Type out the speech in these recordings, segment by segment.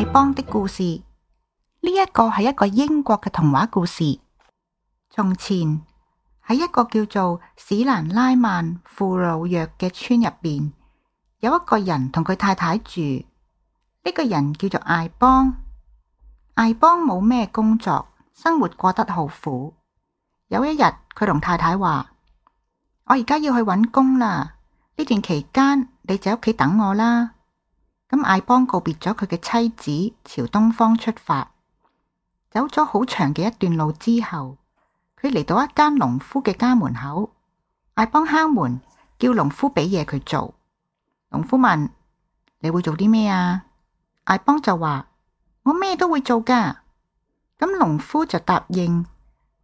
艾邦的故事呢一、這個係一個英國嘅童話故事。從前喺一個叫做史蘭拉曼富老約嘅村入邊，有一個人同佢太太住。呢、這個人叫做艾邦，艾邦冇咩工作，生活過得好苦。有一日，佢同太太話：「我而家要去揾工啦，呢段期間你就喺屋企等我啦。咁艾邦告別咗佢嘅妻子，朝東方出發。走咗好長嘅一段路之後，佢嚟到一間農夫嘅家門口，艾邦敲門叫農夫俾嘢佢做。農夫問：你會做啲咩啊？艾邦就話：我咩都會做噶。咁農夫就答應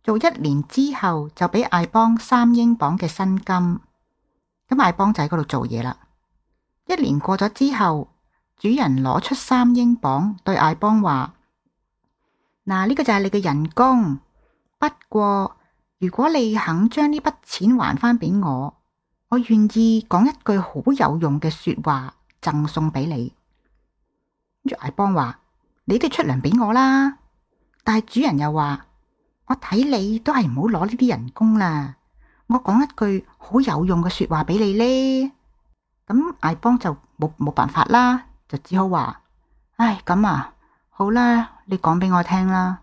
做一年之後就俾艾邦三英鎊嘅薪金。咁艾邦就喺嗰度做嘢啦。一年過咗之後。主人攞出三英鎊對艾邦話：嗱，呢個就係你嘅人工。不過如果你肯將呢筆錢還翻俾我，我願意講一句好有用嘅說話贈送俾你。跟住艾邦話：你哋出糧俾我啦。但係主人又話：我睇你都係唔好攞呢啲人工啦。我講一句好有用嘅說話俾你咧，咁艾邦就冇冇辦法啦。就只好話，唉咁啊，好啦，你講俾我聽啦。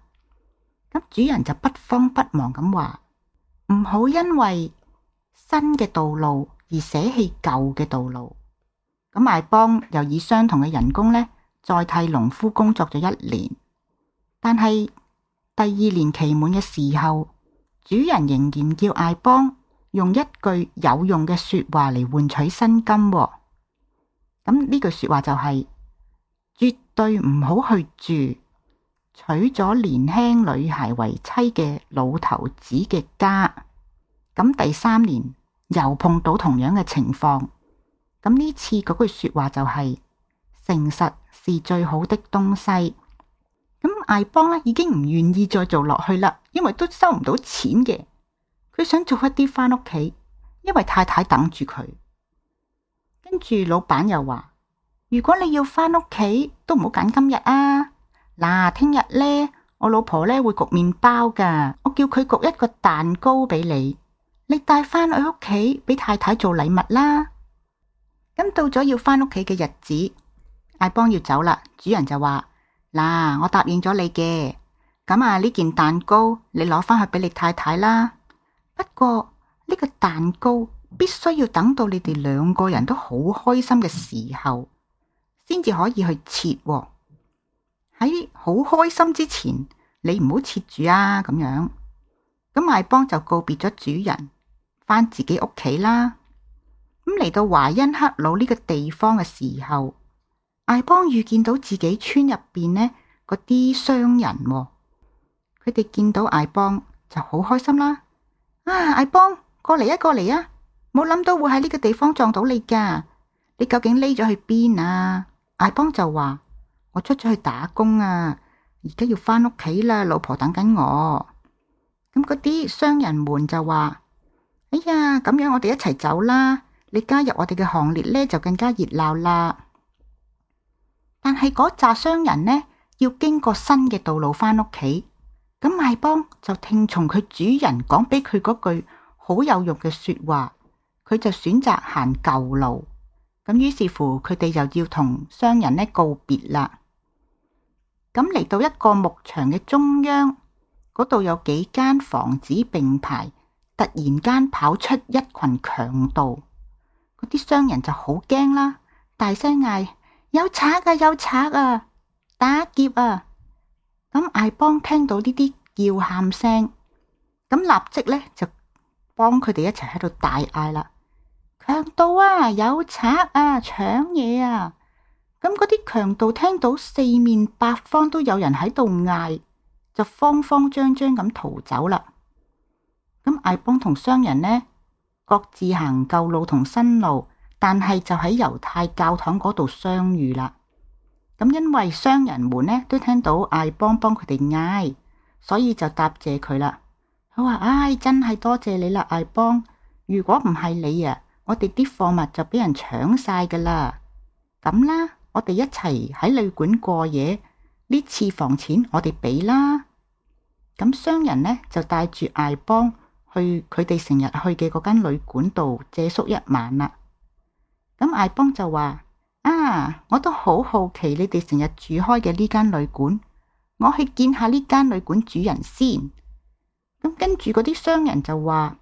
咁主人就不慌不忙咁話，唔好因為新嘅道路而捨棄舊嘅道路。咁艾邦又以相同嘅人工呢，再替農夫工作咗一年。但係第二年期滿嘅時候，主人仍然叫艾邦用一句有用嘅說話嚟換取薪金喎。咁呢句說話就係：絕對唔好去住娶咗年輕女孩為妻嘅老頭子嘅家。咁第三年又碰到同樣嘅情況，咁呢次嗰句說話就係：誠實是最好的東西。咁艾邦咧已經唔願意再做落去啦，因為都收唔到錢嘅，佢想做一啲翻屋企，因為太太等住佢。跟住老闆又話。如果你要翻屋企，都唔好揀今日啊。嗱，聽日咧，我老婆咧會焗麵包噶，我叫佢焗一個蛋糕俾你，你帶翻去屋企俾太太做禮物啦。咁到咗要翻屋企嘅日子，艾邦要走啦，主人就話：嗱，我答應咗你嘅，咁啊呢件蛋糕你攞翻去俾你太太啦。不過呢個蛋糕必須要等到你哋兩個人都好開心嘅時候先至可以去切喎。哦。喺好開心之前，你唔好切住啊。咁樣。咁艾邦就告別咗主人，翻自己屋企啦。咁嚟到華欣克魯呢個地方嘅時候，艾邦遇見到自己村入邊呢嗰啲商人。哦，佢哋見到艾邦就好開心啦。啊，艾邦過嚟啊，過嚟啊！冇諗到會喺呢個地方撞到你噶，你究竟匿咗去邊啊？艾邦就話：我出咗去打工啊，而家要翻屋企啦，老婆等緊我。咁嗰啲商人們就話：哎呀，咁樣我哋一齊走啦，你加入我哋嘅行列呢，就更加熱鬧啦。但係嗰紮商人呢，要經過新嘅道路翻屋企。咁艾邦就聽從佢主人講俾佢嗰句好有用嘅說話，佢就選擇行舊路。咁於是乎，佢哋就要同商人呢告別啦。咁嚟到一個牧場嘅中央，嗰度有幾間房子並排，突然間跑出一群強盜，嗰啲商人就好驚啦，大聲嗌：有賊噶、啊，有賊啊，打劫啊！咁艾邦聽到呢啲叫喊聲，咁立即咧就幫佢哋一齊喺度大嗌啦。強盜啊，有賊啊，搶嘢啊！咁嗰啲強盜聽到四面八方都有人喺度嗌，就慌慌張張咁逃走啦。咁艾邦同商人呢，各自行舊路同新路，但係就喺猶太教堂嗰度相遇啦。咁因為商人們呢都聽到艾邦幫佢哋嗌，所以就答謝佢啦。佢話：唉、哎，真係多謝你啦，艾邦。如果唔係你啊！我哋啲貨物就俾人搶晒噶啦，咁啦，我哋一齊喺旅館過夜，呢次房錢我哋俾啦。咁商人呢就帶住艾邦去佢哋成日去嘅嗰間旅館度借宿一晚啦。咁艾邦就話啊，我都好好奇你哋成日住開嘅呢間旅館，我去見下呢間旅館主人先。咁跟住嗰啲商人就話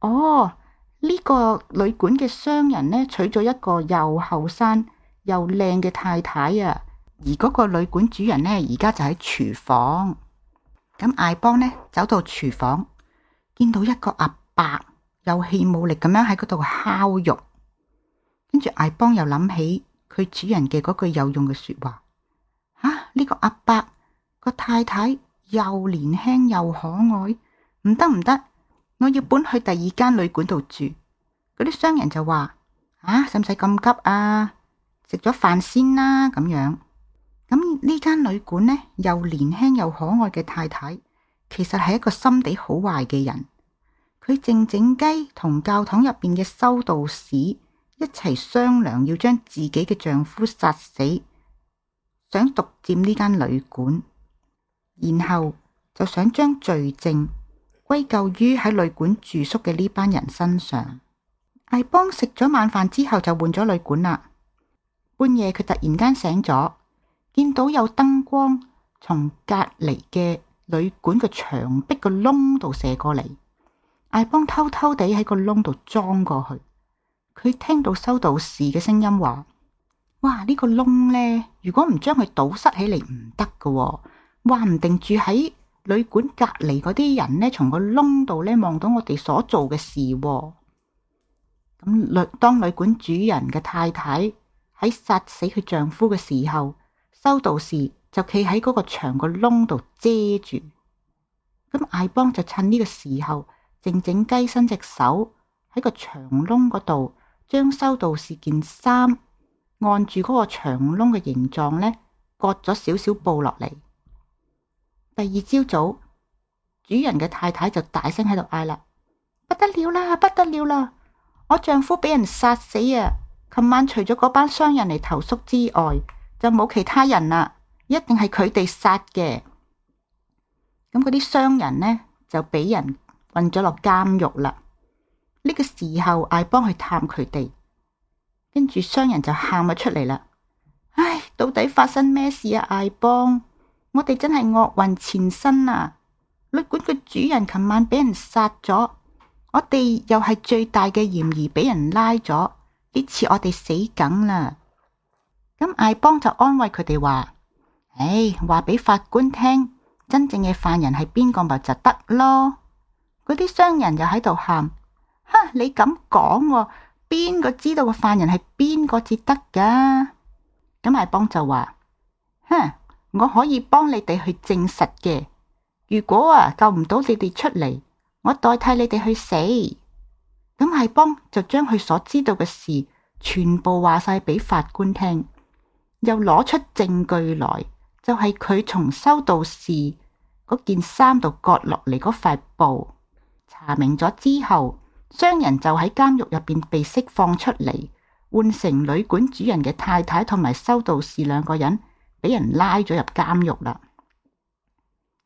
哦。呢個旅館嘅商人呢，娶咗一個又後生又靚嘅太太啊，而嗰個旅館主人呢，而家就喺廚房。咁艾邦呢，走到廚房，見到一個阿伯有氣冇力咁樣喺嗰度烤肉，跟住艾邦又諗起佢主人嘅嗰句有用嘅說話：吓、啊、呢、這個阿伯個太太又年輕又可愛，唔得唔得。我要搬去第二間旅館度住，嗰啲商人就話：啊，使唔使咁急啊？食咗飯先啦，咁樣。咁呢間旅館呢，又年輕又可愛嘅太太，其實係一個心地好壞嘅人。佢靜靜雞同教堂入邊嘅修道士一齊商量，要將自己嘅丈夫殺死，想獨佔呢間旅館，然後就想將罪證。歸咎於喺旅館住宿嘅呢班人身上。艾邦食咗晚飯之後就換咗旅館啦。半夜佢突然間醒咗，見到有燈光從隔籬嘅旅館嘅牆壁個窿度射過嚟。艾邦偷偷地喺個窿度裝過去。佢聽到修道士嘅聲音話：哇，這個、呢個窿咧，如果唔將佢堵塞起嚟唔得嘅，話唔定住喺。旅館隔離嗰啲人呢，從個窿度呢望到我哋所做嘅事喎。咁旅當旅館主人嘅太太喺殺死佢丈夫嘅時候，修道士就企喺嗰個牆個窿度遮住。咁艾邦就趁呢個時候，靜靜雞伸隻手喺個牆窿嗰度，將修道士件衫按住嗰個牆窿嘅形狀呢割咗少少布落嚟。第二朝早，主人嘅太太就大聲喺度嗌啦：不得了啦，不得了啦！我丈夫俾人殺死啊！琴晚除咗嗰班商人嚟投宿之外，就冇其他人啦，一定係佢哋殺嘅。咁嗰啲商人呢，就俾人運咗落監獄啦。呢個時候，艾邦去探佢哋，跟住商人就喊咗出嚟啦。唉，到底發生咩事啊，艾邦？我哋真係惡運纏身啊！旅館嘅主人琴晚俾人殺咗，我哋又係最大嘅嫌疑俾人拉咗，呢次我哋死梗啦！咁艾邦就安慰佢哋話：唉，哎，話俾法官聽，真正嘅犯人係邊個咪就得咯。嗰啲商人又喺度喊：哼，你咁講啊，邊個知道個犯人係邊個至得噶？咁艾邦就話：哼。我可以幫你哋去證實嘅。如果啊救唔到你哋出嚟，我代替你哋去死。咁系邦就將佢所知道嘅事全部話晒俾法官聽，又攞出證據來，就係佢從修道士嗰件衫度割落嚟嗰塊布。查明咗之後，商人就喺監獄入邊被釋放出嚟，換成旅館主人嘅太太同埋修道士兩個人。俾人拉咗入監獄啦！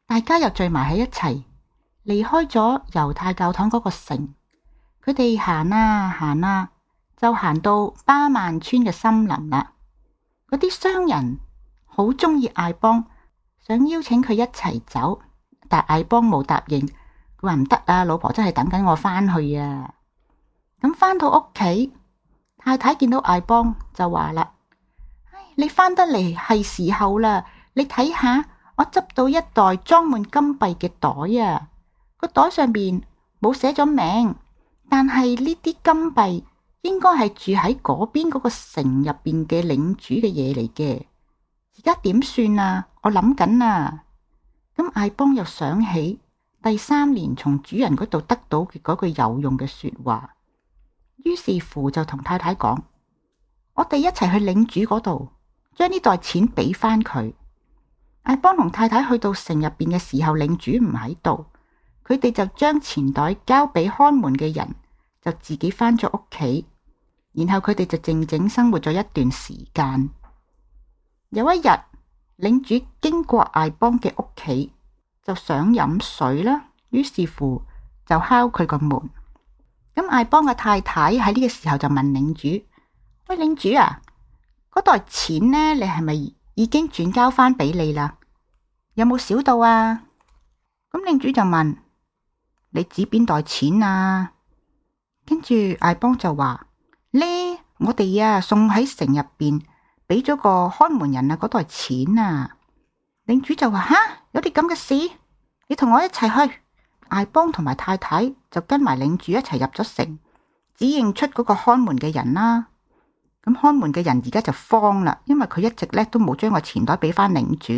大家又聚埋喺一齊，離開咗猶太教堂嗰個城，佢哋行啊行啊，啊，就行到巴曼村嘅森林啦。嗰啲商人好鍾意艾邦，想邀請佢一齊走，但艾邦冇答應。佢話唔得啊，老婆真係等緊我返去啊！咁返到屋企，太太見到艾邦就話啦。你翻得嚟係時候啦！你睇下，我執到一袋裝滿金幣嘅袋啊。個袋上面冇寫咗名，但係呢啲金幣應該係住喺嗰邊嗰個城入邊嘅領主嘅嘢嚟嘅。而家點算啊？我諗緊啊。咁艾邦又想起第三年從主人嗰度得到嘅嗰句有用嘅說話，於是乎就同太太講：我哋一齊去領主嗰度。將呢袋錢俾返佢。艾邦同太太去到城入邊嘅時候，領主唔喺度，佢哋就將錢袋交俾看門嘅人，就自己翻咗屋企。然後佢哋就靜靜生活咗一段時間。有一日，領主經過艾邦嘅屋企，就想飲水啦，於是乎就敲佢個門。咁艾邦嘅太太喺呢個時候就問領主：喂，領主啊！嗰袋錢呢？你係咪已經轉交翻俾你啦？有冇少到啊？咁領主就問：你指邊袋錢啊？跟住艾邦就話：呢，我哋啊送喺城入邊，俾咗個看門人啊，嗰袋錢啊。領主就話：吓，有啲咁嘅事，你同我一齊去。艾邦同埋太太就跟埋領主一齊入咗城，指認出嗰個看門嘅人啦。咁看門嘅人而家就慌啦，因為佢一直咧都冇將個錢袋俾翻領主。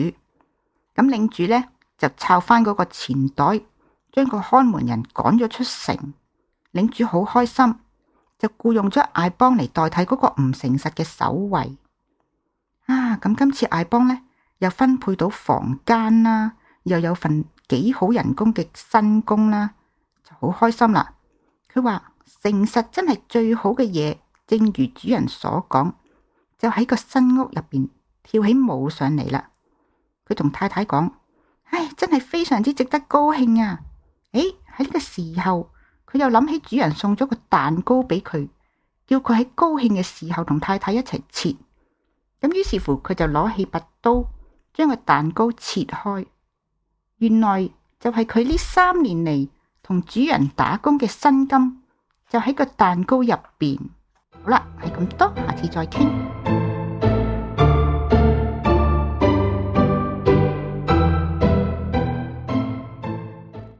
咁領主咧就抄翻嗰個錢袋，將個看門人趕咗出城。領主好開心，就僱傭咗艾邦嚟代替嗰個唔誠實嘅守衛。啊，咁今次艾邦咧又分配到房間啦，又有份幾好人工嘅新工啦，就好開心啦。佢話誠實真係最好嘅嘢。正如主人所講，就喺個新屋入邊跳起舞上嚟啦。佢同太太講：「唉，真係非常之值得高興啊！誒，喺呢個時候，佢又諗起主人送咗個蛋糕俾佢，叫佢喺高興嘅時候同太太一齊切。咁於是乎，佢就攞起把刀，將個蛋糕切開，原來就係佢呢三年嚟同主人打工嘅薪金，就喺個蛋糕入邊。好啦，係咁多，下次再傾。